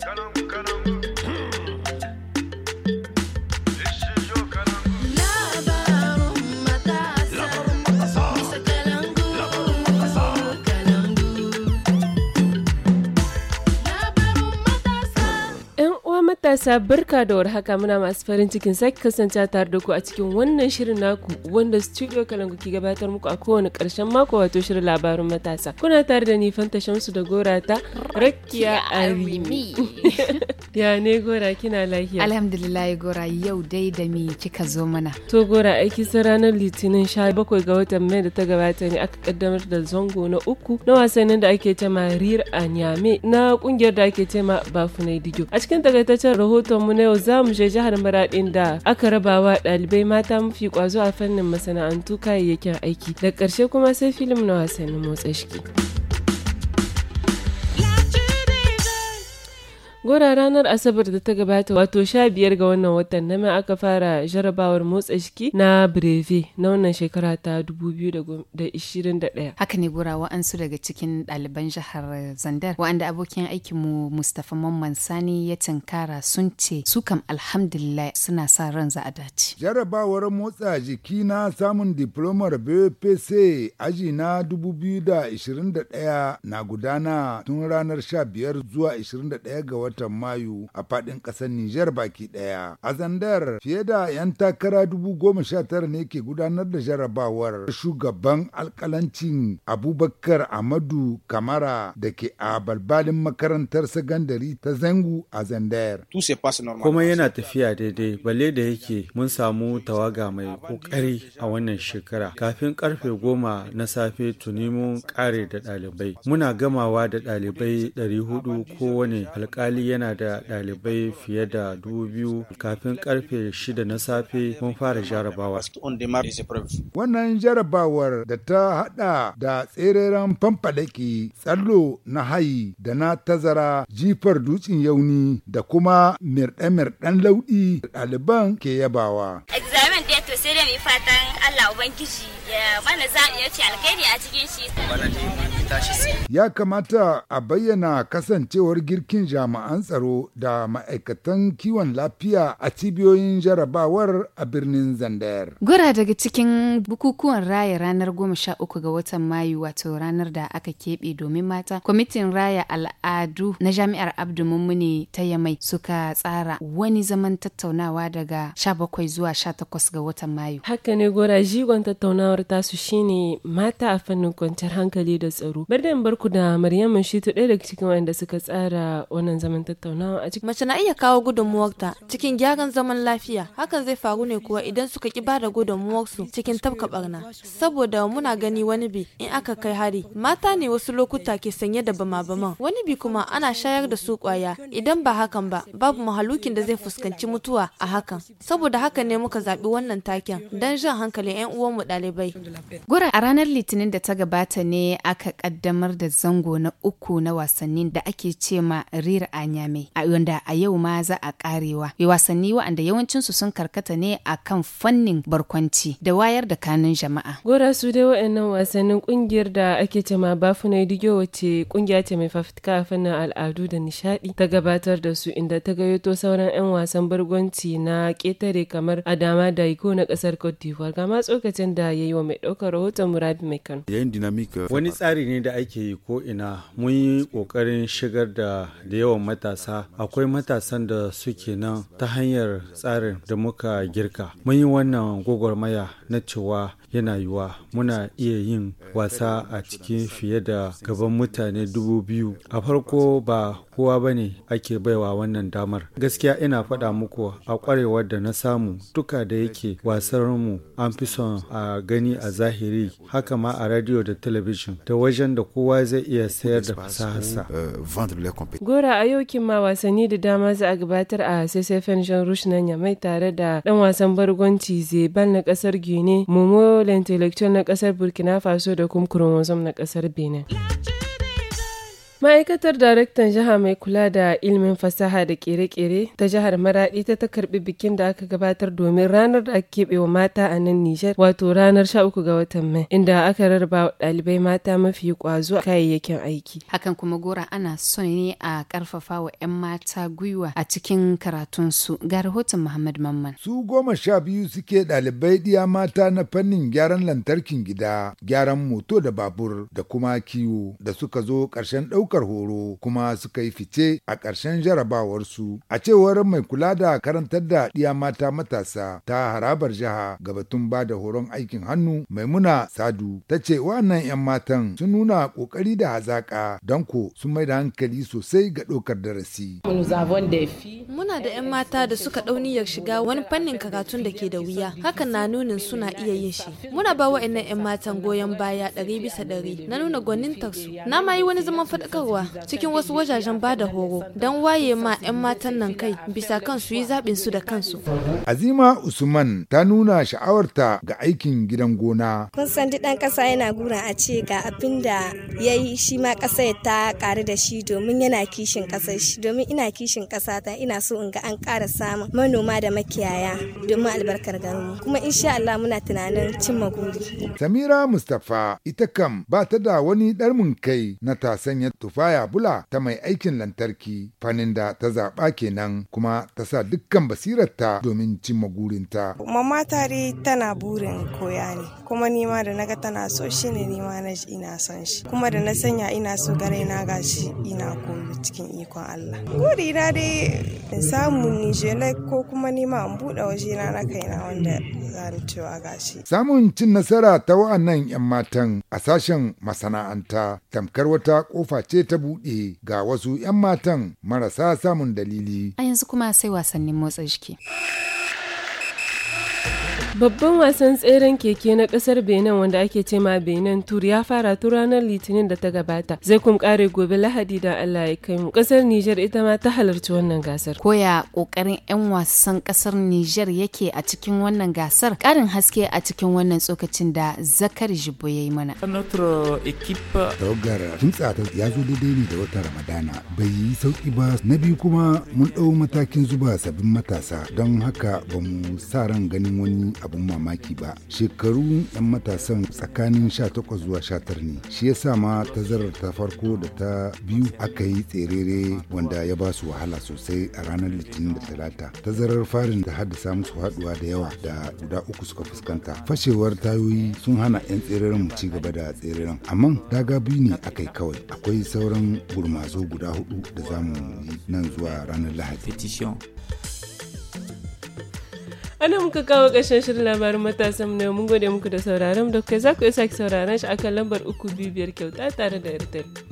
Caramba, caramba. matasa barka da warhaka muna masu farin cikin sake kasance tare da ku a cikin wannan shirin naku wanda studio kalangu ke gabatar muku a kowane karshen mako wato shirin labarin matasa. Kuna tare da ni Fanta Shamsu da Gora ta Rakiya Arimi. ya ne Gora kina lafiya? Alhamdulillah Gora yau dai da me kika zo mana. To Gora aiki sai ranar Litinin 17 ga watan Mai da ta gabata ne aka kaddamar da zango na uku na wasannin da ake cema Rir Anyame na kungiyar da ake cema Bafunai Dijo. A cikin takaitaccen mu na yau za mu je jihar Maraɗin da aka raba wa ɗalibai mata mafi ƙwazo a fannin masana'antu kayayyakin aiki. Da ƙarshe kuma sai filim na wasannin motsa shiki. Gora ranar Asabar da ta gabata wato sha biyar ga wannan watan na aka fara jarabawar motsa jiki na Breve na wannan shekara ta 2021. Haka ne gora wa'ansu daga cikin ɗaliban jihar Zandar wa'anda abokin aikin mu Mustapha Mamman Sani ya tankara sun ce su kam alhamdulillah suna sa ran za a dace. Jarabawar motsa jiki na samun diplomar BPC aji na 2021 na gudana tun ranar 15 zuwa 21 ga watan Mayu a faɗin ƙasar Nijar baki ɗaya. A zandar fiye da 'yan takara dubu goma sha tara ne ke gudanar da jarabawar shugaban alƙalancin Abubakar Amadu Kamara da ke a balbalin makarantar sakandare ta Zangu a Zandar. Kuma yana tafiya daidai balle da yake mun samu tawaga mai ƙoƙari a wannan shekara. Kafin karfe goma na safe tuni mun ƙare da ɗalibai. Muna gamawa da ɗalibai 400 kowane alƙali alhali yana da ɗalibai fiye da dubu biyu kafin karfe shida na safe mun fara jarabawa. Wannan jarabawar da ta haɗa da tsereren famfalaki tsallo na hayi da na tazara jifar dutsen yauni da kuma mirɗe-mirɗen lauɗi ɗaliban ke yabawa. Examen da to sai da mai fatan Allah Ubangiji ya mana a iya ce alkhairi a cikin shi. tashi Ya kamata a bayyana kasancewar girkin jami'an tsaro da ma'aikatan kiwon lafiya a cibiyoyin jarabawar a birnin Zandayar. Gura daga cikin bukukuwan raya ranar goma sha uku ga watan Mayu wato ranar da aka keɓe domin mata, kwamitin raya al'adu na jami'ar Abdu Mummuni ta Yamai suka tsara wani zaman tattaunawa daga 17 zuwa 18 ga watan Mayu. Haka ne gora jigon tattaunawar tasu shine mata a fannin kwanciyar hankali da tsaro. sauraro. Bar da barku da Maryam Shitu ɗaya daga cikin waɗanda suka tsara wannan zaman tattaunawa a cikin. Mace na iya kawo gudunmuwarta cikin gyaran zaman lafiya. Hakan zai faru ne kuwa idan suka ki ba da gudunmuwarsu cikin tafka barna. Saboda muna gani wani bi in aka kai hari. Mata ne wasu lokuta ke sanye da bama-baman. Wani bi kuma ana shayar da su kwaya idan ba hakan ba babu mahalukin da zai fuskanci mutuwa a hakan. Saboda haka ne muka zaɓi wannan taken don jan hankalin 'yan uwanmu ɗalibai. Gura a ranar Litinin da ta gabata ne aka kaddamar da zango na uku na wasannin da ake ce ma Rir Anyame, wanda a yau ma za a karewa. Wasanni wa'anda yawancinsu sun karkata ne a kan fannin barkwanci da wayar da kanun jama'a. Gora su dai waannan wasannin ƙungiyar da ake ce ma na Digo wace ƙungiya ce mai fafita a fannin al'adu da nishaɗi ta gabatar da su inda ta gayyato sauran 'yan wasan barkwanci na ketare kamar Adama da Iko na kasar Cote d'Ivoire. Ga ma tsokacin da ya yi wa mai ɗaukar rahoton Murad Mekan. Uh, Wani tsari ne da ake yi ko ina mun yi ƙoƙarin shigar da da yawan matasa akwai matasan da suke nan ta hanyar tsarin da muka girka mun yi wannan gwagwarmaya na cewa yana yiwa muna iya yin wasa a cikin fiye da gaban mutane dubu biyu a farko ba kowa ba ne ake baiwa wannan damar gaskiya ina faɗa muku a ƙwarewar da na samu duka da yake mu an fi son a gani a zahiri haka ma a radio da talabijin da wajen wajen da kowa zai iya sayar da fasaharsa. Eh, Gora a yau ma wasanni da dama za a gabatar a CCFN Jean Rouge na Nyamai tare da ɗan wasan bargonci Zebal na ƙasar Guinea, Momo Lentelectual na kasar Burkina Faso da kuma Kuromosom na kasar Benin. Ma'aikatar Daraktan Jiha mai kula da ilimin fasaha da kere-kere ta jihar Maradi ta ta karbi bikin da aka gabatar domin ranar da aka keɓe mata a nan Nijar wato ranar 13 ga watan Mai inda aka rarraba wa ɗalibai mata mafi kwazo kayayyakin aiki. Hakan kuma gora ana son ne a karfafa wa 'yan mata gwiwa a cikin karatunsu ga rahoton Muhammad Mamman. Su goma sha biyu suke dalibai ɗiya mata na fannin gyaran lantarkin gida, gyaran moto da babur da kuma kiwo da suka zo ƙarshen ɗaukar ɗaukar horo kuma suka yi fice a ƙarshen jarabawarsu. A cewar mai kula da karantar da ɗiya mata matasa ta harabar jiha ga batun ba da horon aikin hannu Maimuna Sadu ta ce wannan 'yan matan sun nuna ƙoƙari da hazaƙa don ko sun mai da hankali sosai ga ɗaukar darasi. Muna da 'yan mata da suka ɗauniyar shiga wani fannin karatun da ke da wuya, hakan na nunin suna iya yin shi. Muna ba wa'annan 'yan matan goyon baya ɗari bisa ɗari na nuna gwanin gwanintarsu. Na ma yi wani zaman faɗaka faɗakarwa cikin wasu wajajen ba da horo don waye ma 'yan matan nan kai bisa kan su yi zaɓin su da kansu. Azima Usman ta nuna sha'awarta ga aikin gidan gona. Kun san duk ɗan ƙasa yana gura a ce ga abin da ya yi shi ma ƙasa ta ƙaru da shi domin yana kishin ƙasa shi domin ina kishin ƙasa ta ina so in ga an ƙara samun manoma da makiyaya domin albarkar garinmu kuma insha Allah muna tunanin cimma guri. Samira Mustapha ita kam ba ta da wani ɗarmin kai na tasanya Sufaya Bula ta mai aikin lantarki fannin da ta zaɓa kenan kuma ta sa dukkan basirarta domin cimma magurinta. Mama tare tana burin koya ne kuma nima da naga tana so shi ne nima na ina son shi kuma da na sanya ina so gare na ga shi, ina komi cikin ikon Allah. Gori na dai in samu nijela ko kuma nima in buɗe wajena na kaina wanda cewa gashi. Samun cin nasara ta wa'annan 'yan matan a sashen masana'anta tamkar wata kofa ce ce ta buɗe ga wasu 'yan matan marasa samun dalili. A yanzu kuma sai wasannin motsa jiki. Babban wasan tseren keke na kasar Benin wanda ake cema Benin tur ya fara tun ranar Litinin da ta gabata. Zai kuma kare gobe Lahadi da Allah ya kai mu. Kasar Niger ita ma ta halarci wannan gasar. Koya kokarin 'yan wasan kasar Niger yake a cikin wannan gasar. Karin haske a cikin wannan tsokacin da Zakar Jibo ya yi mana. ta ya zo daidai ne da watan Ramadana. Bai yi sauki ba. Na biyu kuma mun ɗau matakin zuba sabbin matasa don haka ba mu sa ran ganin wani abin mamaki ba shekaru 'yan matasan tsakanin 18 zuwa 19 ne shi ya sa ma tazarar ta farko da ta biyu aka yi tserere wanda ya ba su wahala sosai a ranar litinin da talata tazarar farin da haddasa musu haduwa da yawa da guda uku suka fuskanta fashewar tayoyi sun hana 'yan tsereren mu ci gaba da tsereren amma daga biyu ne aka yi kawai akwai sauran gurmazo guda hudu da zamu yi nan zuwa ranar lahadi ana muka kawo ƙarshen shirin labarin matasan na mun gode muku da sauraron da kai za ku iya sake sauraron shi akan lambar uku bibiyar kyauta tare da yartar